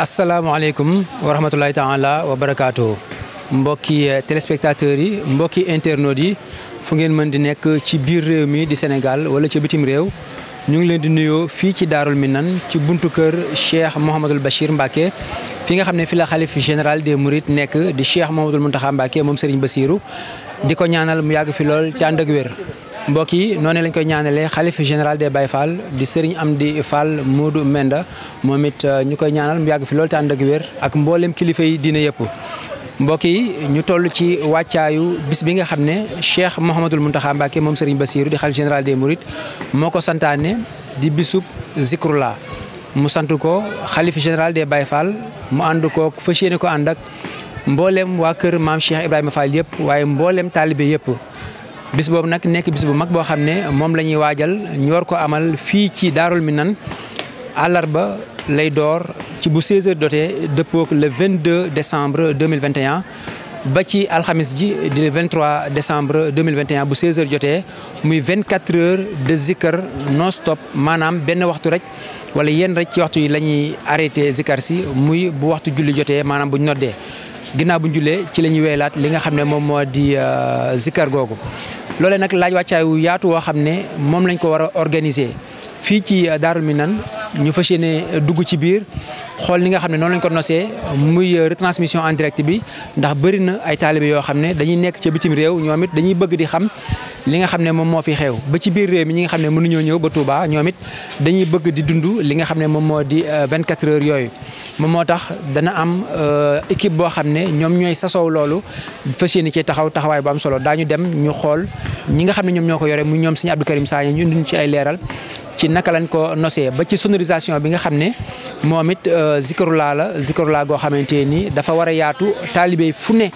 asalaamaaleykum wa rahmatulahi taala wa mbokki eh, téléspectateurs yi mbokki internautes yi fu ngeen mën di nekk ci biir réew mi di Sénégal wala ci bitim réew ñu ngi leen di nuyoo fii ci Daarul mi nan ci buntu kër Cheikh Mouhamadul Bachir Mbacke fii nga xam ne fii la xalif général des Mourides nekk di Cheikh Mouhamadul Mountakha Mbacke moom Serigne Bassirou di ko ñaanal mu yàgg fi lool te ànd ak wér. mbokk yi noonu lañ koy ñaanalee xalif général de Baye Fall di Serigne Amdi Fall Modou Menda moom it euh, ñu koy ñaanal mu yàgg fi lool te ànd ak wér ak mboolem kilifa yi dina yëpp. mbokk yi ñu toll ci wàccaayu bis bi nga xam ne Cheikh Mouhamadul Mountakha moom moom Serigne Bassirou di xalif général des Mourides moo ko santaane di bisub Zikrullah mu sant ko xalif général de bay Fall mu ànd kook fas yéene ko ànd ak mboolem waa kër maam Cheikh Ibrahima Fall yëpp waaye mboolem taalibe yëpp. bis boobu nag nekk bis bu mag boo xam ne moom la ñuy waajal ñoor ko amal fii ci Daarul mi Minan àllarba lay door. ci bu 16h dotee dëppoo le 22 décembre 2021 ba ci alxamis ji di le 23 décembre 2021 bu 16 jotee muy 24 heures de zikar non stop maanaam benn waxtu rek wala yenn rek ci waxtu yi la ñuy arrêté zikar si muy bu waxtu julli jotee maanaam bu ñu noddee ginnaaw bu ñu jullee ci la ñuy weelaat li nga xam ne moom moo di euh, zikar googu. loole nag laaj wàccaay yaatu woo xam ne moom lañ ko war a organiser fii ci euh, Daarul Minan ñu fas yéene dugg ci biir xool li nga xam ne noonu lañ ko nosee muy euh, retransmission en direct bi ndax bëri na ay taalibe yoo xam ne dañuy nekk ci bitim réew ñoomit dañuy bëgg di xam li nga xam ne moom moo fi xew ba ci biir réew mi ñi nga xam ne mënuñoo ñëw ba Touba ñoomit it dañuy bëgg di dund li nga xam ne moom moo di euh, vingt quatre heures yooyu. moom moo tax dana am euh, équipe boo xam ne ñoom ñooy sasoow loolu fas yéene ci taxaw taxawaay bu am solo daañu dem ñu xool ñi nga xam ne ñoom ñoo ko yore mu ñoom sëñ Abdou Karim Sagna ñu indi ci ay leeral. ci naka lañ ko nosee ba ci sonorisation bi nga xam ne moom it euh, zikarulaa la zikarulaa goo xamante ni dafa war a yaatu taalibe fu ne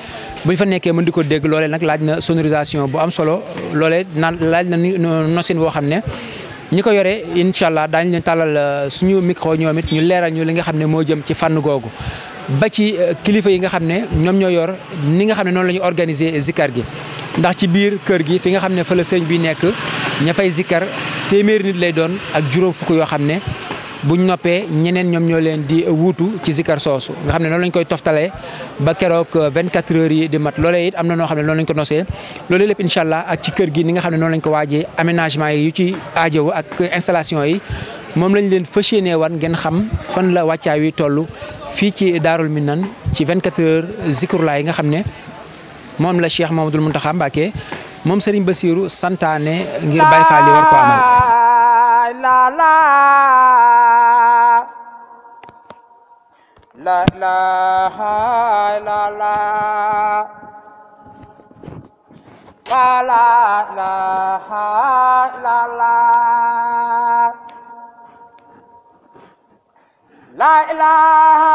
bu ñu fa nekkee mën di ko dégg nag laaj na sonorisation bu am solo loole naan laaj na nosin woo xam ne ñi ko yore incha allah daañu leen tàllal euh, suñu micro ñoom it ñu leeral ñu li nga xam ne moo jëm ci fànn googu. ba ci euh, kilifa yi nga xam ne ñoom ñoo yor ni nga xam ne noonu lañu ñu organiser zikar gi. ndax ci biir kër gi fi nga xam ne fa la sëñ bi nekk ñafay fay zikkar téeméeri nit lay doon ak juróom fukk yoo xam ne buñ noppee ñeneen ñoom ñoo leen di wuutu ci zikkar soosu nga xam ne noonu lañ koy toftalee ba keroog 24 heures yi di mat loolee it am na noo xam ne noonu lañ ko nosee loolee lépp incha ak ci kër gi ni nga xam ne noonu lañ ko waajee aménagement yi yu ci aajowu ak installation yi moom lañ leen fas yéenee wan ngeen xam fan la wàccaay wi toll fii ci Daarul Minan ci 24 heures zikrulaay yi nga xam ne moom la Cheikh Mamadou Mountakha moom Serigne Bassirou santaane ngir Baye Fall yi war ko amal. La la la la la La ilaha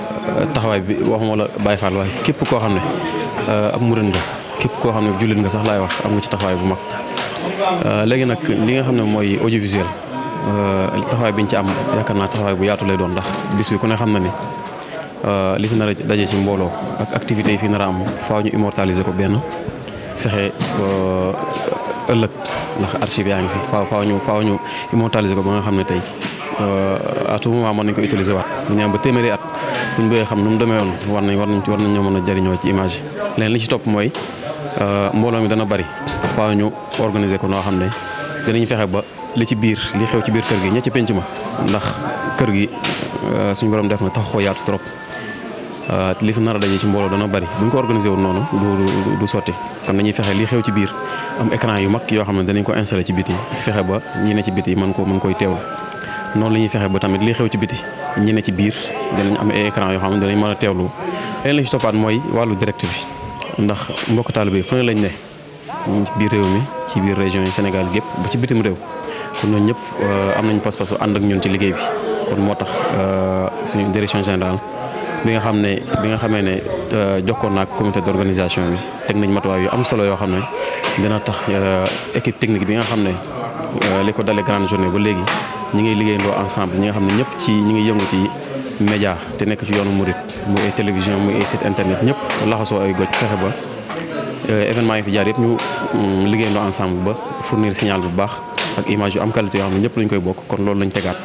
taxawaay bi waxuma la Baye Fall waaye képp koo xam ne euh, ab murid nga képp koo xam ne jullit nga sax laay wax am nga ci taxawaay bu mag euh, léegi nag li nga xam ne mooy audiovisuel euh, taxawaay bi ñu ci am yaakaar naa taxawaay bu yaatu lay doon ndax bis bi ku xam na ni li fi na a daje ci mbooloo ak activités yi fi nar a am faaw ñu immortaliser ko benn fexe ëllëg ndax archive fi faaw faaw ñu faaw ñu immortaliser ko ba nga xam ne tey à tout moment mën nañ ko utiliser waat bu ñu ba téeméeri at. buñ bëggee xam nu mu demee war nañ war nañ war nañ a jëriñoo ci image yi leneen li ci topp mooy euh, mbooloo mi dana bari faaw ñu organiser ko noo xam ne dinañ fexe ba li ci biir li xew ci biir kër gi ña ci penc ma ndax kër gi euh, suñu borom def na tax ko yaatu trop euh, li fi nar a ci mbooloo dana bari buñ ko woon noonu du du sotti kon dañuy fexe lii xew ci biir am écran yu mag yoo xam ne danañ ko installé ci biti fexe ba ñi ne ci biti mën ko mën koy teewlu noonu la ñuy fexe ba tamit lii xew ci biti ñi ne ci biir dinañ am ay écran yoo xam ne dinañ mën a teewlu leen lañ mooy wàllu direct bi ndax mbokk taalibe yi fu lañ ne ci biir réew mi ci biir région yi Sénégal gépp ci bitim réew kon ñooñu ñëpp euh, am nañ pas-pasu ànd ak ñun ci liggéey moo tax euh, suñu direction générale bi nga xam ne bi nga xamee ne euh, jokkoon naag comité d'organisation bi teg nañ matuwaay yu am solo yoo xam ne dina tax équipe technique bi nga xam ne li ko dalee grande journée ba léegi ñu ngi liggéeyandoo ensemble ñi nga xam ne ñëpp ci ñu ngi yëngu ci média te nekk ci yoonu murit muy ay télévision muy ay site internet ñëpp laxasoo ay goj fexe ba euh, événement yi fi jaar yëpp ñu mm, liggéeyandoo ensemble ba fournir signal bu baax ak image yu am qualité xam ne ñëpp lañ koy bokk kon loolu lañ tegaat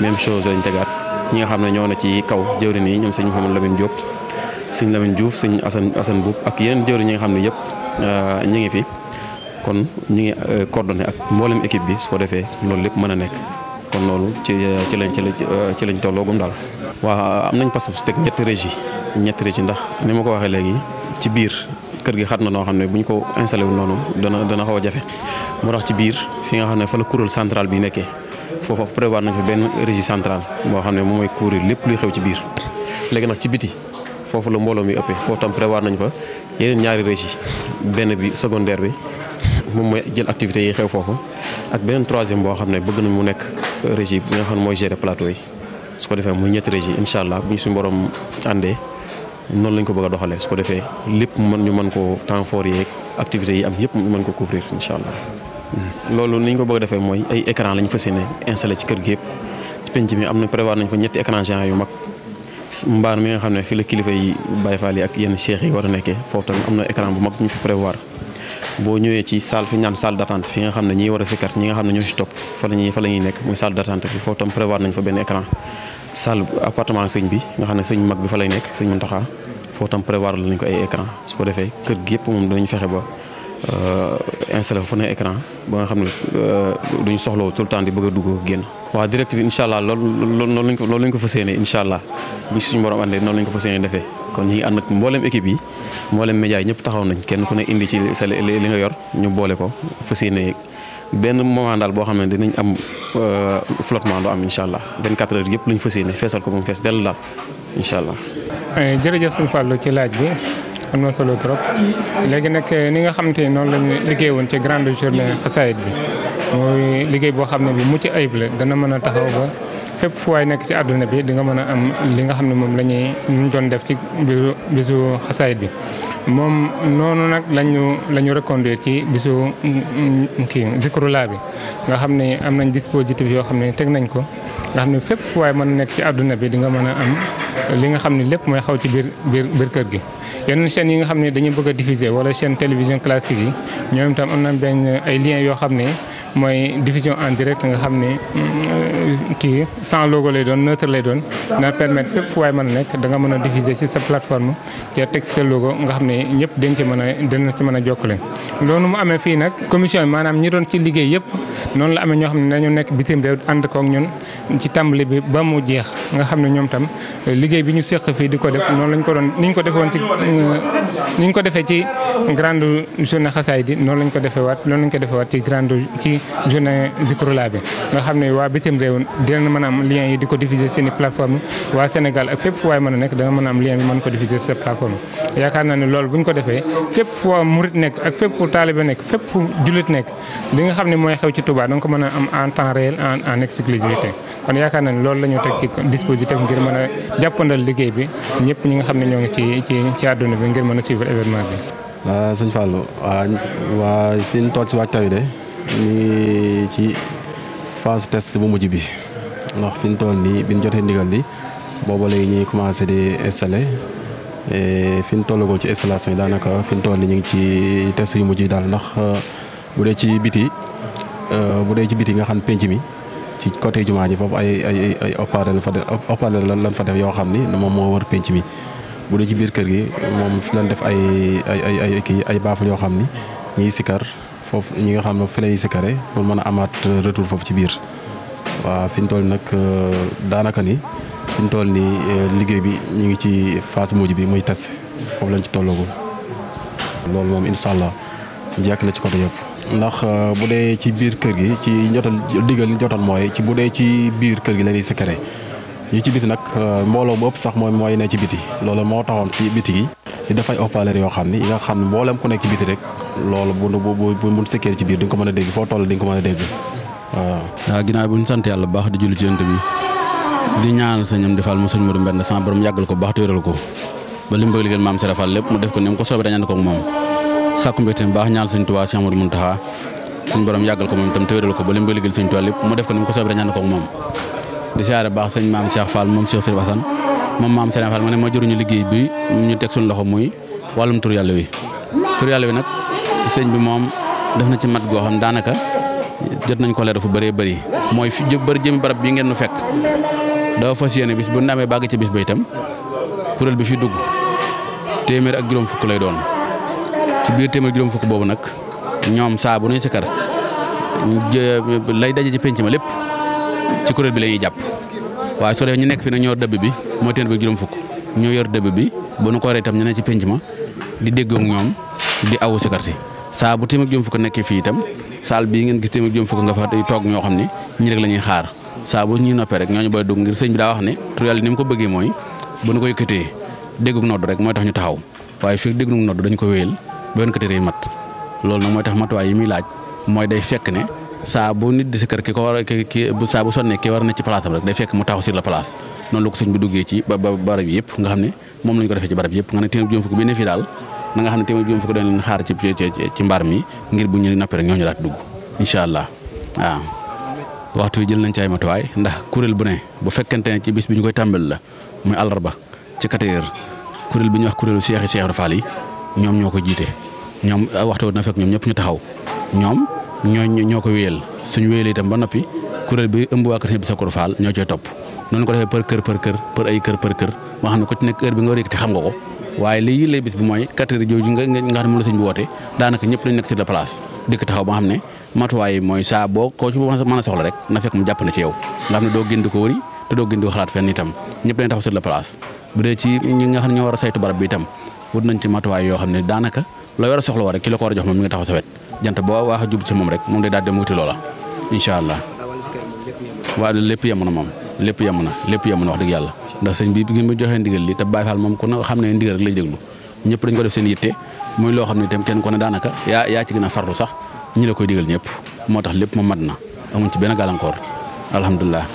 même chose lañ tegaat ñi nga xam ne ñoo na ci kaw jëwriñ yi ñoom sëñ Mouhamadou Lamine Diop sëñ Lamine Diouf sëñ Assane Assane Boub ak yeneen jëwriñ ñi nga xam ne yëpp euh, ñu ngi fi kon ñu ngi euh, coordonné ak mboolem équipe bi soo defee loolu lépp mën a nekk kon loolu ci ci lañ ci lañ ci euh, lañ tolloogum daal. waaw am nañ passeport su teg ñetti régi ñetti régie ndax ni ma ko waxee léegi ci biir kër gi xat na noo xam ne bu ñu ko installé wu noonu dana dana xaw a jafe moo tax ci biir fi nga xam ne fa la kuréel centrale bi nekkee foofu prévoir nañ benn régie centrale boo xam ne moom mooy kuréel lépp luy xew ci biir léegi nag ci biti. foofu la mbooloo mi ëppee foofu tam prévoir nañ fa yeneen ñaari régie benn bi secondaire bi moom mooy jël activités yi xew foofu ak beneen troisième boo xam ne bëgg nañ mu nekk régi bi nga xam ne mooy gérer plateau yi su ko defee muy ñetti régi incha allah bu ñu suñu borom àndee noonu lañ ko bëgg a doxalee su ko defee lépp mën ñu mën ko temps fort yi am yëpp mën ko couvrir incha allah. Hmm. loolu ni ko bëgg defee mooy ay écran lañ fas yéene installé ci kër gi yëpp ci penc mi am na prévoir nañ fa ñetti écran géant yu mag. mbaar mi nga xam ne fii la kilifa yi Baye Fall yi ak yenn cheikh yi war a nekkee foofu tamit am na écran bu mag ñu fi prévoir boo ñëwee ci saal fi ñaan salle d'attente fi nga xam ne ñi war a sikar ñi nga xam ne ñoo ci fa la ñuy fa la ñuy nekk muy salle d'attente bi foofu tam prévoir nañ fa benn écran salle appartement sëñ bi nga xam ne sëñ mag bi fa lay nekk sëñ Muntaxa foofu tam prévoir lañ ko ay écran su ko defee kër gi yëpp moom danañ fexe ba euh, installé fa fu ne écran ba nga xam ne euh, duñu soxlaw tout le temps di bëgg a dugg génn waaw direct bi incha allah loolu loolu lañ ko loolu lañ ko fas yéene incha allah bu suñu borom àndee noonu lañ ko fas yéene defee kon ñi ànd ak mboolem équipe mboolem média yi ñëpp taxaw nañ kenn ku ne indi ci sa li nga yor ñu boole ko fas yéene benn moment daal boo xam ne dinañ am euh, flottement du am incha allah 24 heures yëpp lañ fas yéene feesal ko moom fees dellu daal incha allah. Eh, jërëjëf sëñ Fallou ci laaj bi am na solo trop léegi nag eh, ni nga xamante ni noonu lañu liggéey woon ci grande journée xasaayit bi mooy liggéey boo xam ne bu mucc ayib la dana mën a taxaw ba. fépp fu waay nekk ci àdduna bi di nga mën a am li nga xam ne moom la ñuy ñu doon def ci bisu bisu xasaayit bi moom noonu nag lañu la ñu reconduire ci bisu mm, kii zikrulaa bi nga xam ne am nañ dispositif yoo xam ne teg nañ ko nga xam ne fépp fu waay mën a nekk ci àdduna bi di nga mën a am li nga xam ni lépp mooy xaw ci biir biir biir kër gi yenn chaînes yi nga xam ne dañuy bëgg a diffuser wala chaîne télévision classique yi ñoom itam am na benn ay lien yoo xam ne mooy diffusion en direct nga xam ne mm, kii sans logo lay doon neutre lay doon dana permettre fépp waaye waay mën a nekk da nga mën a diffuser ci sa plateforme ci teg sa logo nga xam ne ñëpp dañ ci mën a dana ci mën a jokkale loolu mu amee fii nag commission maanaam ñi doon ci liggéey yëpp noonu la amee ñoo xam ne dañu nekk bitim réew ànd koog ñun ci tàmbali bi ba mu jeex nga xam ne ñoom tam liggéey bi ñu séq fii di ko def noonu lañ ko doon niñ ko defoon ci niñ ko defee ci grande journée xasaay di noonu lañ ko defee waat noonu lañ ko defee waat ci grande journée Zikrullah bi nga xam ne waa bitim réew dinañ mën a am lien yi di ko diffuser seen i plateforme waa Sénégal ak fépp fu waay mën a nekk da mën am lien bi mën ko diffuser sa plateforme yaakaar naa ne loolu bu ko defee fépp fu murit nekk ak fépp fu taalibe nekk fépp fu jullit nekk li nga xam ne mooy xew ci Touba da ko mën a am en temps réel en en exclusivité kon yaakaar naa loolu la teg ci dispositif ngir mën a jàppandal liggéey bi ñëpp ñi nga xam ne ñoo ngi ci ci ci àdduna bi ngir mën a suivre événement bi. Euh, sëñ Fallou waa waa fi ñu toog si waajtaay de ni ci phase test bu mujj bi ndax fi ñu toll nii bi ñu jotee ndigal li booba léegi ñuy commencé di installé fi ñu tollagul ci installation yi daanaka fi ñu toll nii ñu ngi ci test yu mujj yi daal ndax bu dee ci biti euh, bu dee ci biti nga xam penc mi ci côté jumaa ji foofu ay ay ay opérateur fa def lan fa def yoo xam ni moom moo war penc mi. bu dee ci biir kër gi moom fi lan def ay ay ay ay ay baaful yoo xam ni ñiy sikar. foofu ñi ngi xam ne fi si sikare pour mën a amaat retour foofu ci biir waaw fi ñu toll nag euh, daanaka ni fi ñu toll nii euh, liggéey bi ñu ngi ci fas mujj bi muy test foofu lañ ci tolloogul loolu moom incha allah jekk na ci côté yëpp. ndax euh, bu dee ci biir kër gi ci jotal digal li jotoon mooy ci bu dee ci biir kër gi yi si sikare ñi ci biti nag mbooloo mu ëpp sax mooy mooy ne ci biti loolu moo taxoon ci biti gi. dafay opaleer yoo xam ni yi nga xam ne mboolem ku nekk ci biti rek loolu bu bu bu bu sëkkee ci biir di nga ko mën a dégg foo toll di nga ko mën a dégg waaw. waaw ginnaaw bi ñu sant yàlla baax di julli ci yonent bi di ñaanal sëñam di fal mu sëñ Modou Mbène sama borom yàggal ko baax téeral ko ba li mu bëgg liggéey maam Serap Fall lépp mu def ko ni ko soobee dañu ko moom di siyaare baax sëñ maam Cheikh Fall moom Cheikh Sirif Hassane moom maam Serap Fall ma ne moo jëruñu liggéey bi ñu teg suñu loxo muy wàllum tur sëñ bi moom def na ci mat goo xam daanaka jot nañ ko leer fu bëree bëri mooy fi bëri jëmi barab bii ngeen nu fekk dafa fas yéene bis bu ndamee bàgg ci bis ba itam kuréel bi fi dugg téeméer ak juróom fukk lay doon ci biir téeméer juróom fukk boobu nag ñoom saa bu nuy sikkar lay daje ci pénc ma lépp ci kuréel bi la jàpp waaye soo defee ñu nekk fi nag ñoo dëbb bi mooy téeméer bi juróom fukk ñoo yor dëbb bi bu nu ko waree itam ñu ci pénc ma di déggoog ñoom di awu sikkar si saa bu téeméer juróom fukk nekkee fii itam saal bii ngeen gis téeméer juróom fukk nga fa toog ñoo xam ne ñi rek la ñuy xaar saa bu ñuy noppee rek ñooñu booy dugg ngir sëñ bi daa wax ne tur ko bëggee mooy bu nu ko yëkkatee déggug nodd mooy tax ñu taxaw waaye fii déggug nodd dañu ko wéyal ba yéen loolu nag mooy tax matuwaay yi muy laaj mooy day fekk ne saa bu nit di si kër ki ko war a ki saa bu sonnee ki war na ci place am rek day fekk mu taxaw sur la place noonu la ko sëñ bi duggee ci ba barab yëpp nga xam ne moom lañu ko defee ci barab yëpp nga ne téeméer juróom fukk bi ne fii daal nanga xam ne téeméer juróom ko dañ leen xaar ci ci mbaar mi ngir bu ñu nappee rek ñoo daat dugg incha allah waaw. waxtu wi jël nañ caay ay matuwaay ndax kuréel bu ne bu fekkente ne ci bis bi ñu koy tàmbali la muy ba ci katéer kuréel bi ñuy wax kuréelu seexi seex rafaal yi ñoom ñoo ko jiite ñoom ah, waxtu na fekk ñoom ñëpp ñu taxaw ñoom ñoo ñoo ko wéyal suñu wéyal itam ba noppi kuréel bi ëmb waa kër sëñ bi ñoo cee topp noonu ko defee për kër për kër për ay kër për kër moo xam ne ci nekk heure bi nga war a yëkkati ko waaye li yillee bis bi mooy quatre heures jooju nga nga xam ne la sëñ bi woote daanaka ñëpp matuwaay mooy saa boo koo ci a soxla rek na fekk mu jàpp na ci yow nga xam ne doo génn di ko wëri te doo génn di ko xalaat fenn itam ñëpp lañ taxaw sur la place bu dee ci nga xam ne ñoo war a saytu barab bi itam wut nañ ci matuwaay yoo xam ne daanaka loo war a soxla woo rek ki la ko war a jox moom mi nga taxaw sa wet jant boo waax a jub ci moom rek moom day daal dem wuti loola incha lépp yem na moom lépp yem na lépp yem wax dëgg yàlla ndax sëñ bi bi ngeen ma joxee ndigal li te Baay Faal moom ku ne xam ne ndigal rek lay déglu ñëpp dañ ko def seen yitte muy loo xam ne itam kenn ku ne daanaka yaa yaa ci gën a farlu sax ñu la koy digal ñëpp moo tax lépp ma mat na amuñ ci benn gàllankoor alhamdulilah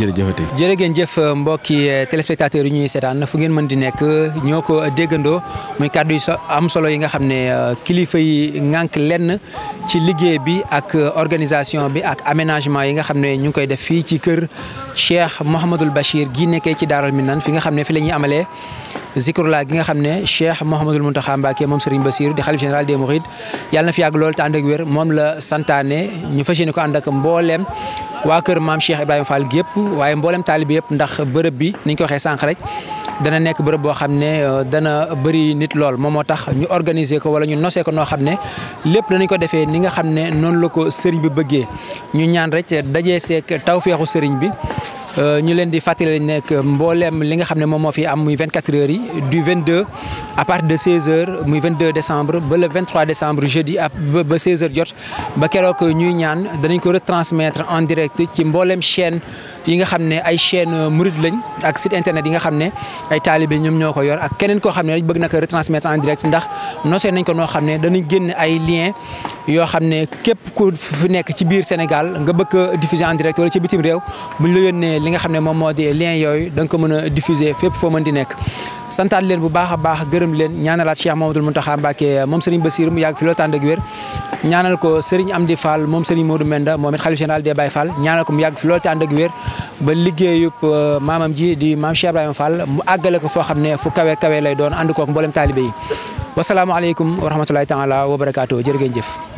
jërëjëfati jërë ngeen jëf mbokki eh, téléspectateurs yi ñuy seetaan fu ngeen mën di nekk ñoo ko déggandoo muy kàddu yu am solo yi nga xam ne eh, kilifa yi ŋànk lenn ci liggéey bi ak eh, organisation bi ak aménagement yi nga xam ne ñu ngi koy def fii ci kër Cheikh Mouhamadul Bachir gi nekkee ci Daaral nan fi nga xam ne fi la ñuy amalee zikrullah gi nga xam ne Cheikh Mouhamadul Mountakha Mbacké moom Serigne Bassirou di xalif général des Mourides yàlla na fi yàgg lool te ànd ak wér moom la ñu fas ànd ak mbooleem waa kër maam Cheikh Ibrahima Fall gi yëpp waaye mboolem taalibi yëpp ndax bërëb bi ni ñu ko waxee sànq rek dana nekk bërëb boo xam ne euh, dana bëri nit lool moom moo tax ñu organiser ko wala ñu nosee ko noo xam ne lépp danañ ko defee ni nga xam ne noonu la ko sëriñ bi bëggee ñu ñaan rek dajee seek taw tawféexu sëriñ bi Euh, ñu leen di fàttali lañ nekk mbooleem li nga xam ne moom moo fi am muy 24 heures yi du 22 à partir de 16 heures muy 22 décembre ba le 23 décembre jeudi ba 16 heures jot ba keroog ñuy ñaan danañ ko retransmettre en direct ci mbooleem chaîne. yi nga xam ne ay chaîne murid lañ ak site internet yi nga xam ne ay taalibe ñoom ñoo ko yor ak keneen koo xam ne bëgg na ko retransmettre en direct ndax nosee nañ ko noo xam ne danañ génn ay lien yoo xam ne képp ku fi nekk ci biir Sénégal nga bëgg diffuser en direct wala ci bitim réew buñ la yónnee li nga xam ne moom moo di lien yooyu da nga ko mën a diffuser fépp foo mën di nekk santaat leen bu baax a baax gërëm leen ñaanalaat Cheikh Mamadou Mountakha Mbacké moom Serigne Bassirou mu yàgg fi loolu tànd ak wér ñaanal ko am di Fall moom Serigne Modou Menda moom it xalifa général des Baye Fall ñaanal ko mu yàgg fi loolu te ànd ak wér ba liggéeyub euh, maamam ji di maam Cheikh Ibrahima mu àggale ko foo xam ne fu kawe kawe lay doon ànd kook mboolem taalibe yi wasalaamaaleykum wa rahmatulahi taala wa barakaatu jërë ngeen jëf